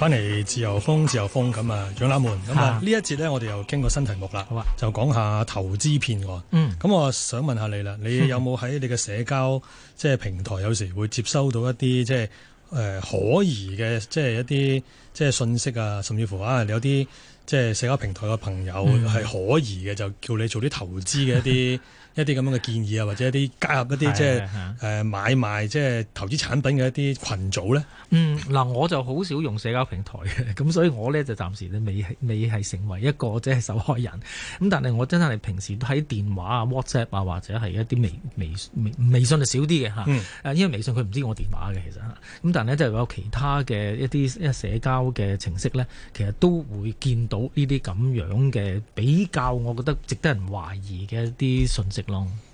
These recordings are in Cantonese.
翻嚟，自由風，自由風。咁啊，柏楠，咁啊呢一節呢，我哋又傾個新題目啦，啊，就講下投資騙案。咁，嗯、我想問下你啦，你有冇喺你嘅社交即係平台，有時會接收到一啲即係可疑嘅，即係一啲即係信息啊，甚至乎啊你有啲即係社交平台嘅朋友係，嗯、可疑嘅，就叫你做啲投資嘅一啲。 一啲咁樣嘅建議啊，或者一啲加入一啲即係誒買賣即係、就是、投資產品嘅一啲群組咧？嗯，嗱我就好少用社交平台嘅，咁所以我咧就暫時未未係成為一個即係受害人咁，但係我真係平時都喺電話啊、WhatsApp 啊或者係一啲微微微，微信就少啲嘅嚇。嗯、因為微信佢唔知我電話嘅其實嚇，咁但係呢就係有其他嘅一啲社交嘅程式咧，其實都會見到呢啲咁樣嘅比較，我覺得值得人懷疑嘅一啲信息。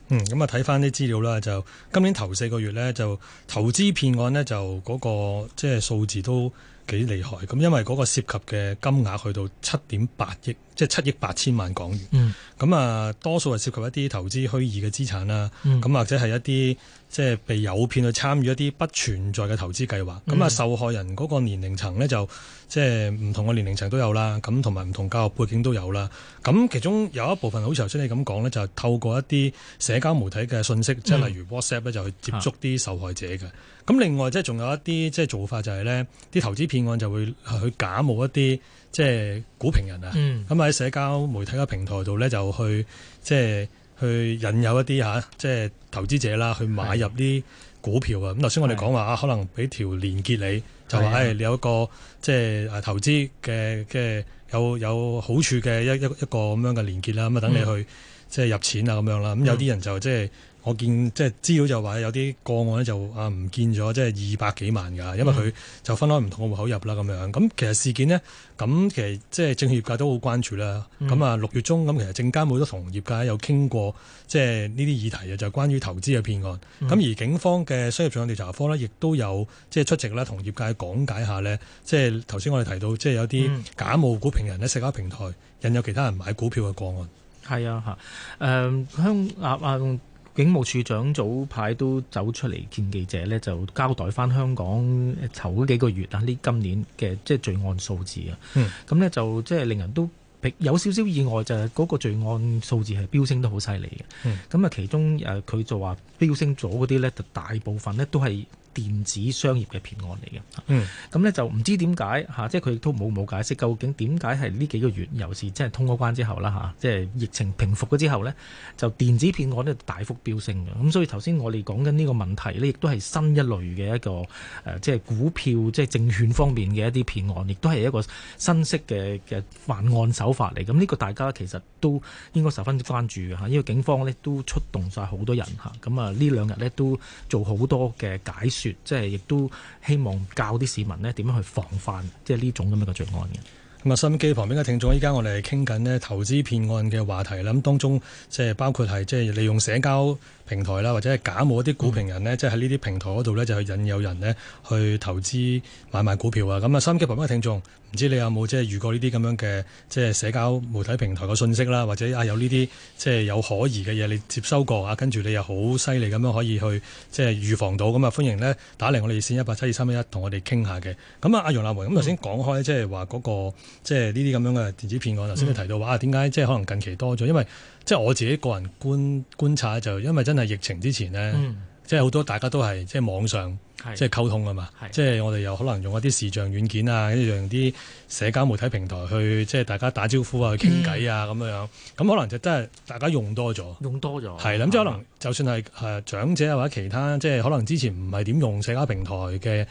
嗯，咁啊睇翻啲資料啦，就今年頭四個月咧，就投資騙案咧，就嗰個即係數字都幾厲害。咁因為嗰個涉及嘅金額去到七點八億。即係七億八千萬港元，咁、嗯、啊多數係涉及一啲投資虛擬嘅資產啦，咁、嗯、或者係一啲即係被誘騙去參與一啲不存在嘅投資計劃。咁、嗯、啊受害人嗰個年齡層呢，就即係唔同嘅年齡層都有啦，咁同埋唔同教育背景都有啦。咁其中有一部分好似頭先你咁講呢，就是、透過一啲社交媒體嘅信息，即、嗯、係例如 WhatsApp 咧，就去接觸啲受害者嘅。咁、啊、另外即係仲有一啲即係做法就係呢啲投資騙案就會去假冒一啲。即、就、係、是、股評人啊，咁、嗯、喺社交媒體嘅平台度咧，就去即係去引誘一啲嚇，即、啊、係、就是、投資者啦，去買入啲股票啊。咁頭先我哋講話啊，可能俾條連結你，就話誒、哎，你有一個即係誒投資嘅即係有有好處嘅一一個咁樣嘅連結啦，咁啊等你去即係、嗯就是、入錢啊咁樣啦。咁有啲人就即係。嗯就是我見即係資料就話有啲個案咧就啊唔見咗，即係二百幾萬㗎，因為佢就分開唔同個戶口入啦咁、嗯、樣。咁其實事件呢，咁其實即係證券業界都好關注啦。咁啊六月中咁，其實證監會都同業界有傾過即係呢啲議題就係、是、關於投資嘅騙案。咁、嗯、而警方嘅商業罪案調查科呢，亦都有即係出席啦，同業界講解下呢。即係頭先我哋提到即係有啲假冒股評人呢社交平台引誘其他人買股票嘅個案。係啊吓誒，香鴨啊！嗯嗯警務處長早排都走出嚟見記者呢，就交代翻香港頭嗰幾個月啊，呢今年嘅即係罪案數字啊，咁、嗯、咧就即係令人都有少少意外，就係嗰個罪案數字係飆升得好犀利嘅。咁、嗯、啊，其中誒佢就話，飆升咗嗰啲呢，就大部分呢都係。電子商業嘅騙案嚟嘅，咁、嗯、呢、嗯、就唔知點、啊、解，即係佢亦都冇冇解釋究竟點解係呢幾個月尤其是即係通過關之後啦、啊、即係疫情平復咗之後呢，就電子騙案就大幅飆升嘅，咁、啊、所以頭先我哋講緊呢個問題呢，亦都係新一類嘅一個、啊、即係股票、即係證券方面嘅一啲騙案，亦都係一個新式嘅嘅犯案手法嚟。咁、啊、呢、呢個大家其實都應該十分關注嘅嚇、啊，因為警方呢都出動晒好多人嚇，咁啊兩呢兩日呢都做好多嘅解說。即係亦都希望教啲市民咧點樣去防範即係呢種咁樣嘅罪案嘅。咁、嗯、啊，收音機旁邊嘅聽眾，依家我哋係傾緊投資騙案嘅話題啦。咁當中即係包括係即係利用社交平台啦，或者係假冒一啲股評人呢，即係喺呢啲平台嗰度呢，就去引誘人呢去投資買賣股票啊。咁啊，收音機旁邊嘅聽眾。唔知你有冇即係遇過呢啲咁樣嘅即係社交媒體平台嘅信息啦，或者啊有呢啲即係有可疑嘅嘢，你接收過啊？跟住你又好犀利咁樣可以去即係預防到咁啊！歡迎呢打嚟我哋線一八七二三一一，同我哋傾下嘅。咁啊，阿楊立梅咁頭先講開即係話嗰個即係呢啲咁樣嘅電子騙案，頭先你提到話、嗯、啊，點解即係可能近期多咗？因為即係、就是、我自己個人觀觀察就因為真係疫情之前呢。嗯即係好多大家都係即係網上即係溝通啊嘛，即係我哋又可能用一啲視像軟件啊，跟住用啲社交媒體平台去即係大家打招呼啊、傾偈啊咁樣，咁可能就真係大家用多咗，用多咗係啦。咁即係可能就算係誒長者啊或者其他，即係可能之前唔係點用社交平台嘅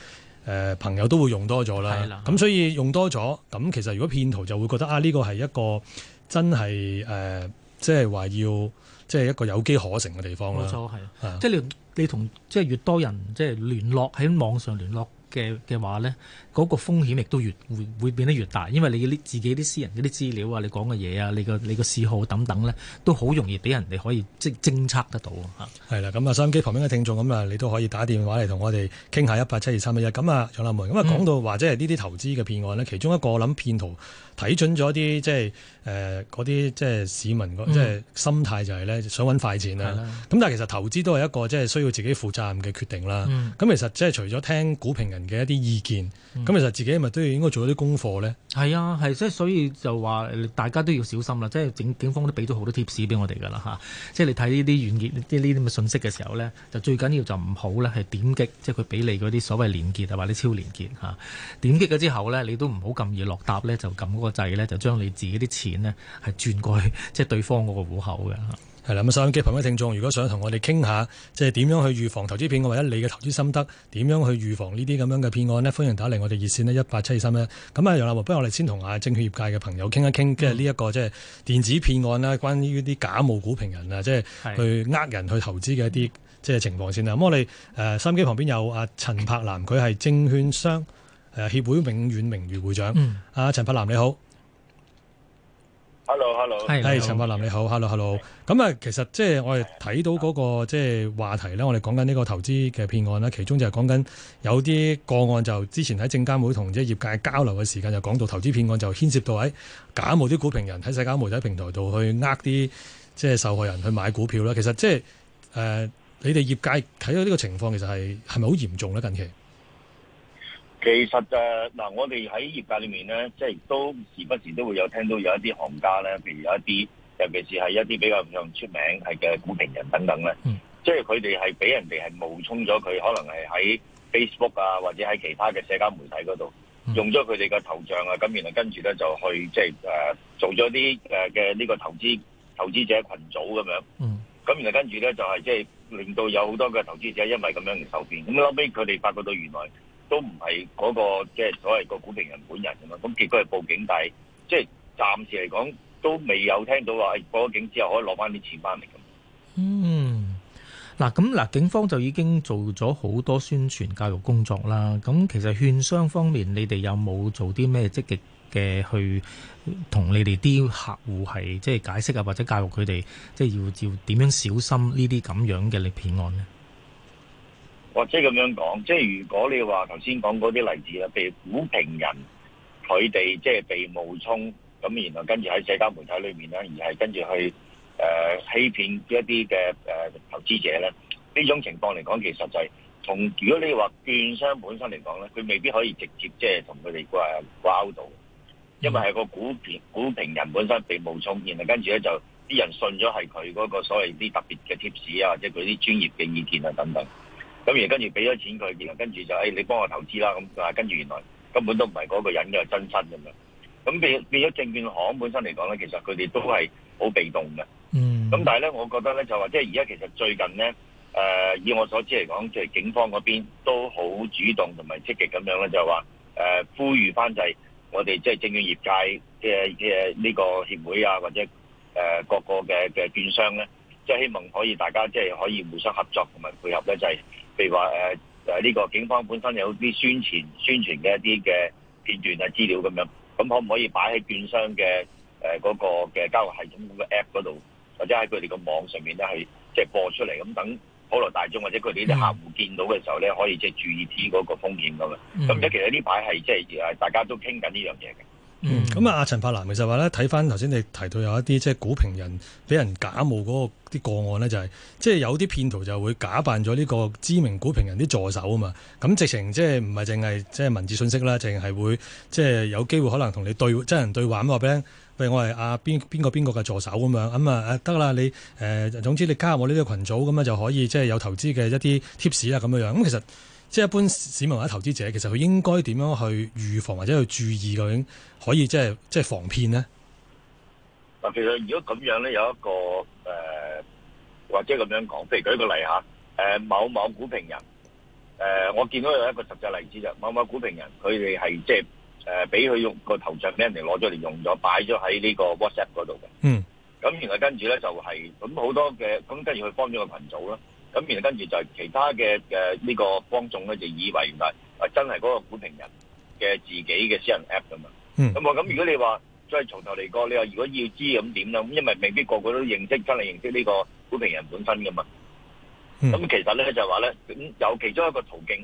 誒朋友都會用多咗啦。咁所以用多咗，咁其實如果騙徒就會覺得啊呢個係一個真係，呃，即係話要即係一個有機可乘嘅地方啦。冇錯係，即係你。你同即係越多人即係聯絡，喺網上聯絡。嘅嘅話咧，嗰、嗰個風險亦都越會會變得越大，因為你啲自己啲私人啲資料啊，你講嘅嘢啊，你個你個嗜好等等咧，都好容易俾人哋可以即係偵測得到啊。係啦，咁啊，收音機旁邊嘅聽眾咁啊，你都可以打電話嚟同我哋傾下一八七二三一。咁啊，楊立梅，咁啊講到或者係呢啲投資嘅騙案呢，嗯，其中一個諗騙徒睇準咗啲即係誒嗰啲即係市民個、嗯、即係心態就係咧想揾快錢啦。咁但係其實投資都係一個即係需要自己負責任嘅決定啦。咁、嗯、其實即係除咗聽股評人嘅一啲意見，咁其實自己咪都要應該做一啲功課咧。係啊，係即係，所以就話大家都要小心啦。即係警警方都俾咗好多貼士俾我哋噶啦嚇。即係你睇呢啲軟件、啲呢啲咁嘅信息嘅時候咧，就最緊要就唔好咧係點擊，即係佢俾你嗰啲所謂連結啊，或者超連結嚇點擊咗之後咧，你都唔好咁易落搭咧，就撳嗰個掣咧，就將你自己啲錢呢係轉過去，即係對方嗰個戶口嘅。係啦，咁收音機旁位聽眾，如果想同我哋傾下，即係點樣去預防投資騙案，或者你嘅投資心得，點樣去預防呢啲咁樣嘅騙案呢？歡迎打嚟我哋熱線咧，那一八七二三一，咁啊，楊立華，不如我哋先同阿證券業界嘅朋友傾一傾、嗯，即係呢一個即係電子騙案啦，關於啲假冒股評人啊，即係去呃人去投資嘅一啲即係情況先啦。咁我哋誒收音機旁邊有阿陳柏南，佢係證券商誒協會永遠名譽會長。阿、嗯、陳柏南你好。hello hello 係，係陳柏楠你好，hello hello。咁啊，其實即係我哋睇到嗰個即係話題咧，我哋講緊呢個投資嘅騙案啦。其中就係講緊有啲個案，就之前喺證監會同即係業界交流嘅時間，就講到投資騙案就牽涉到喺假冒啲股評人喺社交媒體平台度去呃啲即係受害人去買股票啦。其實即係誒，你哋業界睇到呢個情況，其實係係咪好嚴重呢？近期？其實誒，嗱、啊，我哋喺業界裏面咧，即係都時不時都會有聽到有一啲行家咧，譬如有一啲，尤其是係一啲比較唔出名係嘅股評人等等咧，嗯，即係佢哋係俾人哋係冒充咗，佢可能係喺 Facebook 啊，或者喺其他嘅社交媒體嗰度，嗯、用咗佢哋個頭像啊，咁然後跟住咧就去即係誒，啊、做咗啲誒嘅呢個投資投資者群組咁樣，咁，嗯、然後跟住咧就係即係令到有好多嘅投資者因為咁樣而受騙，咁後屘佢哋發覺到原來，都唔係嗰個即係所謂個股評人本人咁咁結果係報警，但係即係暫時嚟講,講都未有聽到話報咗警之後可以攞翻啲錢翻嚟咁。嗯，嗱咁嗱，警方就已經做咗好多宣傳教育工作啦。咁其實券商方面，你哋有冇做啲咩積極嘅去同你哋啲客戶係即係解釋啊，或者教育佢哋即係要要點樣小心呢啲咁樣嘅力騙案呢？或者咁樣講，即係如果你話頭先講嗰啲例子啦，譬如股評人佢哋即係被冒充，咁然後跟住喺社交媒體裏面啦，而係跟住去誒、呃、欺騙一啲嘅誒投資者咧，呢種情況嚟講其實就係從如果你話券商本身嚟講咧，佢未必可以直接即係同佢哋掛掛勾到，因為係個股評股評人本身被冒充，然後跟住咧就啲人信咗係佢嗰個所謂啲特別嘅貼士啊，或者嗰啲專業嘅意見啊等等。咁而跟住俾咗錢佢，然後跟住就誒、哎、你幫我投資啦咁，跟住原來根本都唔係嗰個人嘅真身咁樣。咁變變咗證券行本身嚟講咧，其實佢哋都係好被動嘅。嗯。咁但係咧，我覺得咧就話，即係而家其實最近咧，誒、呃、以我所知嚟講，即、就、係、是、警方嗰邊都好主動同埋積極咁樣咧，呃、就話誒呼籲翻就係我哋即係證券業界嘅嘅呢個協會啊，或者誒各個嘅嘅券商咧，即、就、係、是、希望可以大家即係可以互相合作同埋配合咧，就係、是。譬如話誒誒呢個警方本身有啲宣傳宣傳嘅一啲嘅片段啊、資料咁樣，咁可唔可以擺喺券商嘅誒嗰個嘅交易系統嗰個 App 嗰度，或者喺佢哋個網上面咧係即係播出嚟，咁等普羅大眾或者佢哋啲客戶見到嘅時候咧，可以即係注意啲嗰個風險咁樣。咁而其實呢排係即係誒大家都傾緊呢樣嘢嘅。嗯，咁、嗯、啊，阿陳柏楠其實話咧，睇翻頭先你提到有一啲即係股評人俾人假冒嗰個啲個案咧，就係、是、即係有啲騙徒就會假扮咗呢個知名股評人啲助手啊嘛。咁直情即係唔係淨係即係文字訊息啦，淨係會即係有機會可能同你對真人對話話俾你，譬如我係啊邊邊個邊個嘅助手咁樣，咁啊得啦，你誒、呃、總之你加入我呢個群組咁樣就可以即係有投資嘅一啲 tips 啦咁樣樣咁其實即係一般市民或者投資者，其實佢應該點樣去預防或者去注意究竟，可以即係即係防騙咧？嗱，其實如果咁樣咧，有一個誒、呃，或者咁樣講，譬如舉個例嚇，誒、呃、某某股評人，誒、呃、我見到有一個實際例子就某某股評人，佢哋係即係誒俾佢用個頭像俾人哋攞咗嚟用咗，擺咗喺呢個 WhatsApp 嗰度嘅。嗯。咁原來跟住咧就係咁好多嘅，咁跟住佢幫咗個群組啦。咁然後跟住就其他嘅呢、呃呢個幫眾咧就以為原來啊真係嗰個股評人嘅自己嘅私人 App 咁嘛，咁我咁如果你話再從頭嚟過，你話如果要知咁點啦，咁因為未必個個都認識，真係認識呢個股評人本身㗎嘛。咁、嗯、其實咧就話、係、咧，咁有其中一個途徑，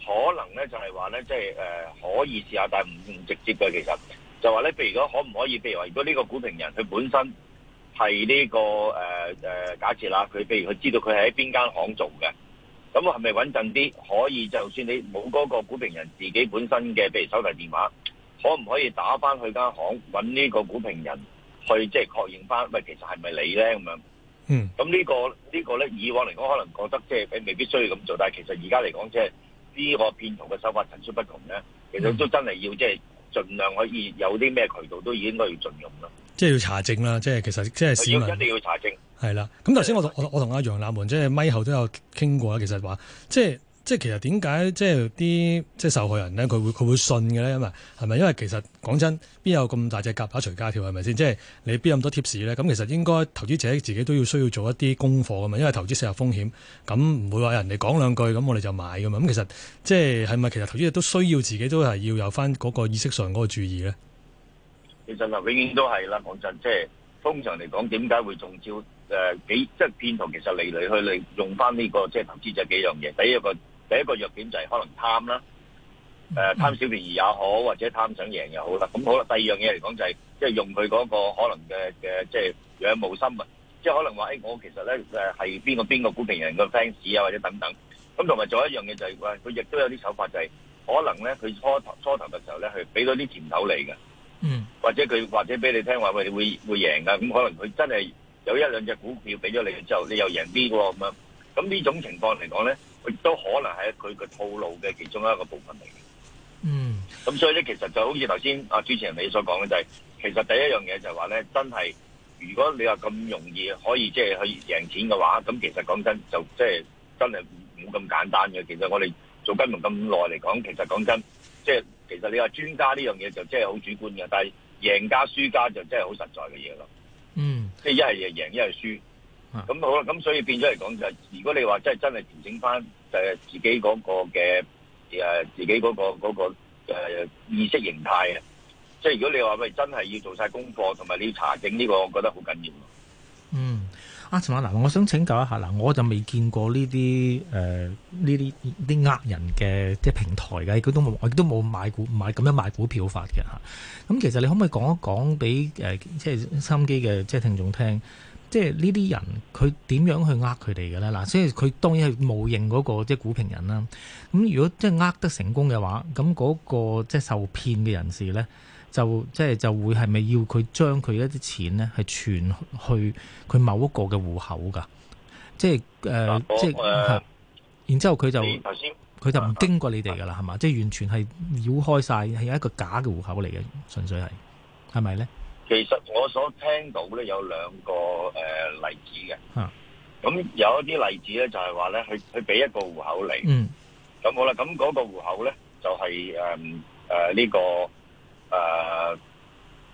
可能咧就係話咧，即、就、係、係呃、可以試下，但係唔唔直接嘅其實就話咧，譬如如果可唔可以，譬如話如果呢個股評人佢本身。係呢個誒誒、呃、假設啦，佢譬如佢知道佢喺邊間行做嘅，咁我係咪穩陣啲？可以就算你冇嗰個股評人自己本身嘅，譬如手提電話，可唔可以打翻去間行揾呢個股評人去即係確認翻？喂，其實係咪你咧？咁樣，嗯，咁呢個呢個咧，以往嚟講可能覺得即係並未必需要咁做，但係其實而家嚟講即係呢個騙徒嘅手法層出不窮咧，其實都真係要即係盡量可以有啲咩渠道都已應該要盡用啦。即係要查證啦，即係其實即係市民一定要查證。係啦，咁頭先我我同阿楊立門即係咪後都有傾過啦。其實話即係即係其實點解即係啲即係受害人咧，佢會佢會信嘅咧？因為？係咪因為其實講真，邊有咁大隻蛤乸隨街跳係咪先？即係你邊咁多 tips 咧？咁其實應該投資者自己都要需要做一啲功課噶嘛。因為投資涉及風險，咁唔會話人哋講兩句咁，我哋就買噶嘛。咁其實即係係咪其實投資者都需要自己都係要有翻嗰個意識上嗰個注意咧？其實啊，永遠都係啦。講真，即係通常嚟講，點解會中招？誒幾即係騙徒，其實嚟嚟去去用翻呢個即係投資就係幾樣嘢。第一個第一個弱點就係可能貪啦，誒貪小便宜也好，或者貪想贏又好啦。咁好啦，第二樣嘢嚟講就係即係用佢嗰個可能嘅嘅即係仰慕心物，即係可能話誒，我其實咧誒係邊個邊個股評人個 fans 啊，或者等等。咁同埋仲有一樣嘢就係話佢亦都有啲手法，就係可能咧佢初頭初頭嘅時候咧係俾咗啲甜頭你嘅。嗯。或者佢或者俾你聽話，喂，會會贏噶，咁，可能佢真係有一兩隻股票俾咗你之後，你又贏啲喎咁樣。咁呢種情況嚟講咧，亦都可能係佢個套路嘅其中一個部分嚟嘅。嗯。咁所以咧，其實就好似頭先啊主持人你所講嘅，就是，就係其實第一樣嘢就係話咧，真係如果你話咁容易可以即係，就是，去贏錢嘅話，咁其實講真就即係，就是，真係冇咁簡單嘅。其實我哋做金融咁耐嚟講，其實講真即係其實你話專家呢樣嘢就真係好主觀嘅，但係贏家輸家就真係好實在嘅嘢咯。嗯，即係一係贏，一係輸。咁、啊、好啦，咁所以變咗嚟講就係、係，如果你話真係真係調整翻誒自己嗰個嘅誒自己嗰、嗰個嗰、嗰個嗰個啊、意識形態嘅，即、就、係、係、如果你話喂真係要做晒功課同埋你要查證呢個，我覺得好緊要。啊嗱，我想請教一下，嗱，我就未見過呢啲誒呢啲啲呃人嘅啲平台嘅，佢都我亦都冇買股買咁樣買股票法嘅嚇。咁、啊、其實你可唔可以講一講俾誒、呃、即係收音機嘅即係聽眾聽，即係呢啲人佢點樣去呃佢哋嘅咧？嗱，所以佢當然係冒認嗰個即係股評人啦。咁、啊、如果即係呃得成功嘅話，咁嗰、嗰個即係受騙嘅人士咧。就即係就會係咪要佢將佢一啲錢咧，係存去佢某一個嘅戶口噶？即係誒、呃，即係、呃，然之後佢就佢就唔經過你哋噶啦，係、啊、嘛？即係完全係繞開晒，係有一個假嘅戶口嚟嘅，純粹係係咪咧？其實我所聽到咧，有兩個誒例子嘅。咁、啊、有一啲例子咧，就係話咧，佢佢俾一個戶口嚟，嗯，咁好啦，咁嗰個戶口咧就係誒誒呢個。誒，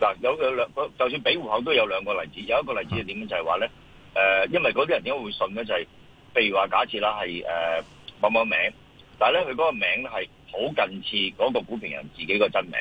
嗱有有兩個，就算俾戶口都有兩個例子，有一個例子係點樣就係話咧，誒，因為嗰啲人點解會信咧就係，譬如話假設啦係誒某某名，但係咧佢嗰個名咧係好近似嗰個股評人自己個真名，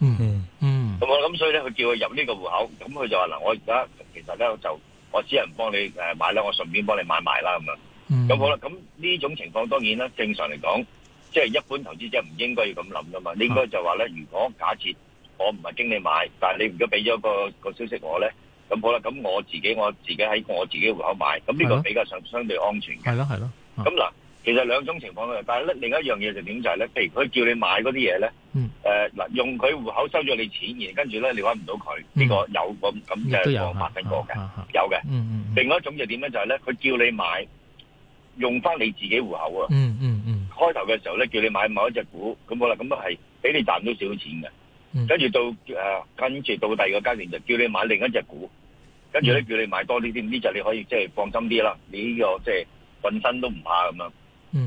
嗯嗯嗯，咁我咁所以咧佢叫佢入呢個戶口，咁佢就話嗱我而家其實咧就我只能幫你誒買啦，我順便幫你買埋啦咁樣，咁好啦，咁呢種情況當然啦，正常嚟講。即係一般投資者唔應該要咁諗噶嘛，應該就話咧，如果假設我唔係經你買，是但係你而家俾咗個個消息我咧，咁好啦，咁我自己我自己喺我自己戶口買，咁呢個比較上相對安全嘅。係咯係咯，咁嗱，其實兩種情況但係咧另一是樣嘢就點就係咧，譬如佢叫你買嗰啲嘢咧，誒、嗯、嗱、呃，用佢戶口收咗你錢，然跟住咧你揾唔到佢，呢、嗯這個有咁咁嘅個發生過嘅、啊，有嘅、嗯嗯。另外一種就點咧，就係咧，佢叫你買，用翻你自己戶口啊。嗯嗯。開頭嘅時候咧，叫你買某一隻股，咁好啦，咁都係俾你賺到少少錢嘅。跟、嗯、住到誒，跟、啊、住到第二個階段就叫你買另一隻股，跟住咧叫你買多啲啲，呢、這、隻、個、你可以即係、就是、放心啲啦，你呢、這個即係本身都唔怕咁樣。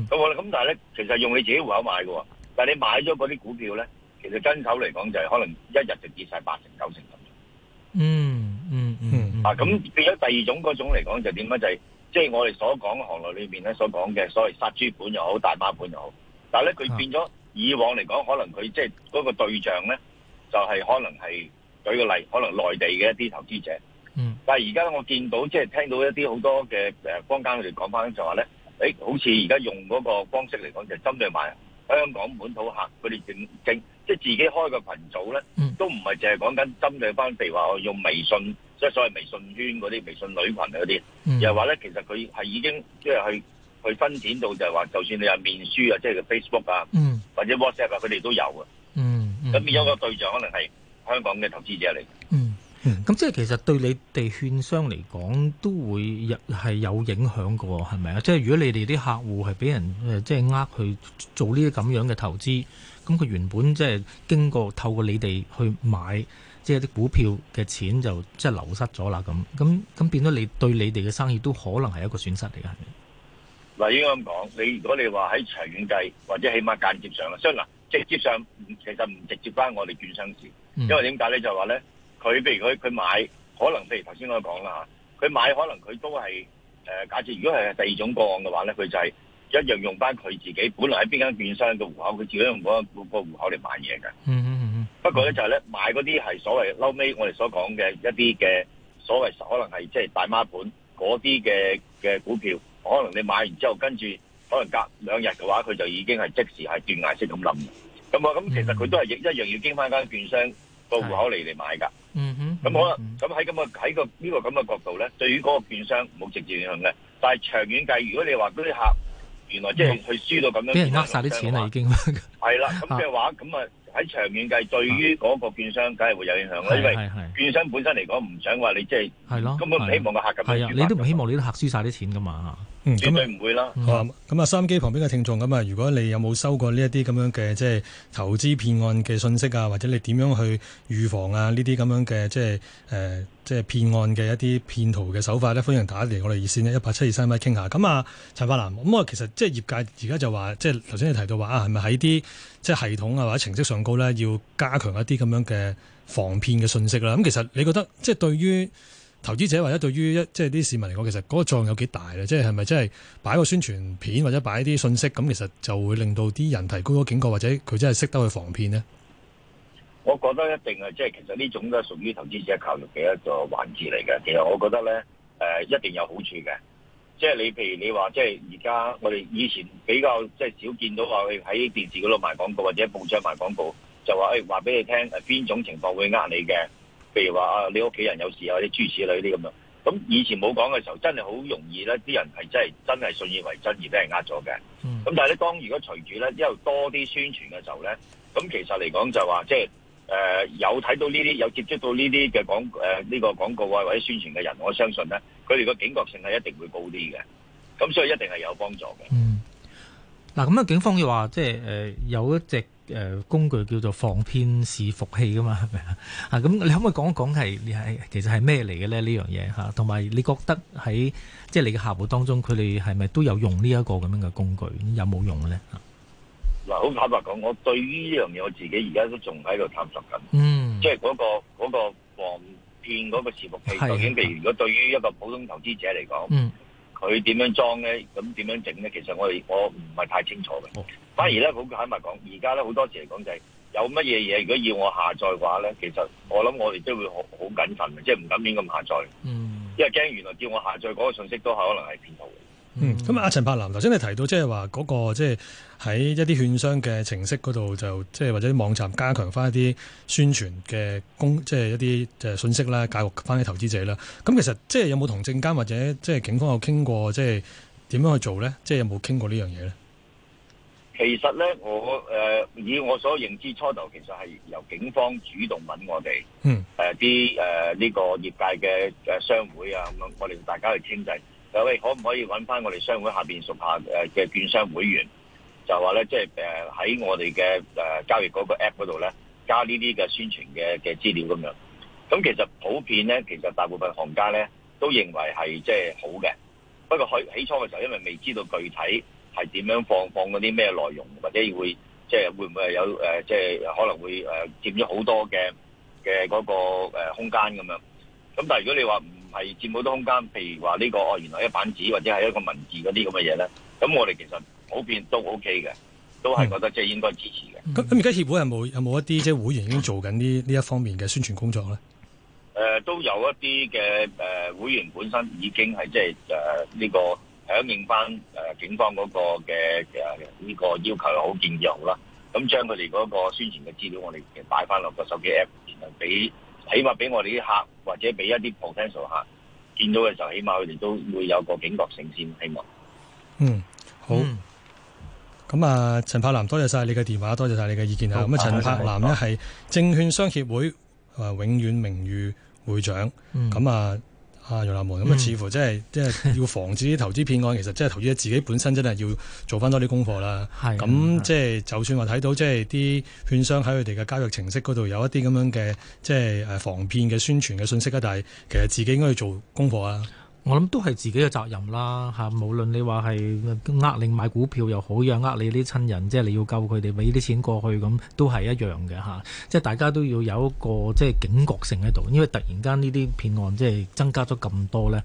咁好啦，咁但係咧，其實用你自己戶口買嘅，但係你買咗嗰啲股票咧，其實跟手嚟講就係可能一日就跌晒八成、九成，咁樣。嗯嗯嗯。啊、嗯，咁變咗第二種嗰種嚟講就點解就係、是。即、就、係、是、我哋所講行內裏面咧，所講嘅所謂殺豬盤又好，大媽盤又好，但係咧，佢變咗以往嚟講，可能佢即係嗰個對象咧，就係、是、可能係舉個例，可能內地嘅一啲投資者。嗯。但係而家我見到即係、就是、聽到一啲、欸、好多嘅誒坊間佢哋講翻就話咧，誒好似而家用嗰個方式嚟講，就係、是、針對埋香港本土客，佢哋正正即係、就是、自己開個群組咧，都唔係淨係講緊針對翻，譬如話我用微信。即係所謂微信圈嗰啲、微信女群嗰啲，又話咧其實佢係已經即係去去分錢到就，就係話就算你有面書、就是、啊，即係 Facebook 啊，或者 WhatsApp 啊，佢哋都有啊。嗯，咁變咗個對象，可能係香港嘅投資者嚟。嗯，咁、嗯、即係其實對你哋券商嚟講，都會係有影響嘅，係咪啊？即係如果你哋啲客戶係俾人誒，即係呃去做呢啲咁樣嘅投資，咁佢原本即係經過透過你哋去買。即係啲股票嘅錢就即係流失咗啦，咁咁咁變咗你對你哋嘅生意都可能係一個損失嚟嘅。嗱，應該咁講，你如果你話喺長遠計，或者起碼間接上啦，即係嗱直接上，其實唔直接關我哋券商事。嗯，因為點解咧？就係話咧，佢譬如佢佢買，可能譬如頭先我講啦嚇，佢買可能佢都係誒假設，如果係第二種個案嘅話咧，佢就係一樣用翻佢自己本來喺邊間券商嘅戶口，佢自己用嗰個個戶口嚟買嘢嘅。嗯。不過咧就係、是、咧買嗰啲係所謂后 e 我哋所講嘅一啲嘅所謂可能係即係大媽盤嗰啲嘅嘅股票，可能你買完之後跟住可能隔兩日嘅話，佢就已經係即時係斷崖色咁冧。咁、嗯、啊，咁其實佢都係一一樣要經翻間券商個戶口嚟嚟買噶。嗯，咁好啦，咁喺咁嘅喺個呢、這個咁嘅、這個這個、角度咧，對於嗰個券商冇直接影響嘅。但係長遠計，如果你話嗰啲客原來即係去輸到咁樣，俾呃晒啲錢啦，已經係啦。咁嘅 話，咁啊。喺長遠計，對於嗰個券商，梗係會有影響啦、啊。因為券商本身嚟講，唔、啊、想話你即係，根本唔希望個客咁樣。啊，你都唔希望你啲客輸晒啲錢㗎嘛嚇。咁你唔會啦。好、嗯、啊，咁啊，收音機旁邊嘅聽眾咁啊，如果你有冇收過呢一啲咁樣嘅即係投資騙案嘅信息啊，或者你點樣去預防啊？呢啲咁樣嘅即係誒。呃即係騙案嘅一啲騙徒嘅手法咧，歡迎打嚟我哋熱線咧，一八七二三一傾下。咁啊，陳柏楠，咁啊，其實即係業界而家就話，即係頭先你提到話啊，係咪喺啲即係系統啊，或者程式上高咧，要加強一啲咁樣嘅防騙嘅信息啦。咁其實你覺得，即係對於投資者或者對於一即係啲市民嚟講，其實嗰個作用有幾大咧？即係係咪真係擺個宣傳片或者擺啲信息，咁其實就會令到啲人提高嗰警覺，或者佢真係識得去防騙呢？我覺得一定係，即係其實呢種都係屬於投資者教育嘅一個環節嚟嘅。其實我覺得咧，誒一定有好處嘅。即係你譬如你話，即係而家我哋以前比較即係少見到話，佢喺電視嗰度賣廣告或者報章賣廣告，就話誒話俾你聽誒邊種情況會呃你嘅。譬如話啊，你屋企人有事啊，或者諸如此類啲咁樣。咁以前冇講嘅時候，真係好容易咧，啲人係真係真係信以為真而俾人呃咗嘅。咁、嗯、但係咧，當如果隨住咧一路多啲宣傳嘅時候咧，咁其實嚟講就話即係。誒、呃，有睇到呢啲，有接觸到呢啲嘅廣，誒、呃、呢、個廣告啊，或者宣傳嘅人，我相信呢，佢哋嘅警覺性係一定會高啲嘅。咁所以一定係有幫助嘅。嗯，嗱，咁啊，警方又話，即係，誒、呃，有一隻，誒、呃，工具叫做防騙視伏器噶嘛，係咪啊？咁你可唔可以講一講係，其實係咩嚟嘅呢？呢樣嘢吓，同埋你覺得喺即係你嘅客戶當中，佢哋係咪都有用呢一個咁樣嘅工具？有冇用呢？好坦白講，我對於呢樣嘢我自己而家都仲喺度探索緊。嗯，即係嗰、那個嗰、那個防騙嗰個伺服器究竟，譬如，如果對於一個普通投資者嚟講，佢、嗯、點樣裝咧？咁點樣整咧？其實我哋我唔係太清楚嘅、嗯。反而咧，好坦白講，而家咧，好多時嚟講就係、是、有乜嘢嘢，如果要我下載嘅話咧，其實我諗我哋都會好謹慎，即係唔敢亂咁下載。嗯，因為驚原來叫我下載嗰、那個信息都可能係騙徒嘅。嗯，咁啊，陳柏楠頭先你提到，即係話嗰個即係喺一啲券商嘅程式嗰度，就即、是、係或者網站加強翻一啲宣傳嘅公，即、就、係、是、一啲就係信息啦，解惑翻啲投資者啦。咁其實即係有冇同證監或者即係警方有傾過，即係點樣去做咧？即、就、係、是、有冇傾過呢樣嘢咧？其實咧，我、呃、以我所認知初頭，其實係由警方主動揾我哋。嗯。誒啲呢個業界嘅商會啊，咁我哋大家去傾偈。誒，可唔可以揾翻我哋商會下面屬下誒嘅券商會員，就話咧，即係誒喺我哋嘅誒交易嗰個 App 嗰度咧，加呢啲嘅宣傳嘅嘅資料咁樣。咁其實普遍咧，其實大部分行家咧都認為係即係好嘅。不過起初嘅時候，因為未知道具體係點樣放放嗰啲咩內容，或者會即係會唔會有誒，即係可能會誒佔咗好多嘅嘅嗰個空間咁樣。咁但係如果你話係佔好多空間，譬如話呢、呢個哦，原來一版紙或者係一個文字嗰啲咁嘅嘢咧，咁我哋其實普遍都 OK 嘅，都係覺得即係應該支持嘅。咁咁而家協會有冇有冇一啲即係會員已經做緊呢呢一方面嘅宣傳工作咧？誒、呃，都有一啲嘅誒會員本身已經係即係誒呢個響應翻誒警方嗰個嘅誒呢個要求又好建議又好啦。咁將佢哋嗰個宣傳嘅資料，我哋擺翻落個手機 App，然後俾。起碼俾我哋啲客，或者俾一啲 potential 客見到嘅時候，起碼佢哋都會有個警覺性先。希望嗯，好。咁、嗯、啊，陳柏楠，多謝晒你嘅電話，多謝晒你嘅意見啊。咁啊，陳柏楠咧係證券商協會啊，永遠名譽會長。咁、嗯、啊。啊，玉蘭門咁啊，似乎即係即係要防止啲投資騙案，其實即係投資者自己本身真係要做翻多啲功課啦。咁即係就算話睇到即係啲券商喺佢哋嘅交易程式嗰度有一啲咁樣嘅即係防騙嘅宣傳嘅信息啊，但係其實自己應該要做功課啊。我諗都係自己嘅責任啦，吓無論你話係呃你買股票又好，樣呃你啲親人，即係你要救佢哋，俾啲錢過去咁，都係一樣嘅吓，即係大家都要有一個即係警覺性喺度，因為突然間呢啲騙案即係增加咗咁多呢。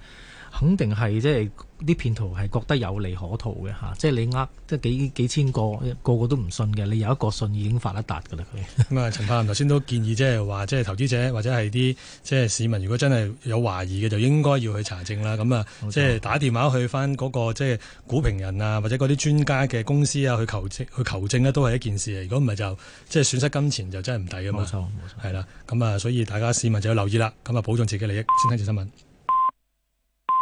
肯定係即係啲騙徒係覺得有利可圖嘅嚇，即係你呃即係幾幾千個個個都唔信嘅，你有一個信已經發得達嘅啦。咁、嗯、啊， 陳柏楠頭先都建議即係話，即係投資者或者係啲即係市民，如果真係有懷疑嘅，就應該要去查證啦。咁啊，即係打電話去翻、那、嗰個即係股評人啊，或者嗰啲專家嘅公司啊，去求證去求證呢都係一件事。如果唔係就即係損失金錢就真係唔抵嘛。冇錯，冇錯，係啦。咁啊，所以大家市民就要留意啦。咁啊，保障自己嘅利益。先聽住新聞。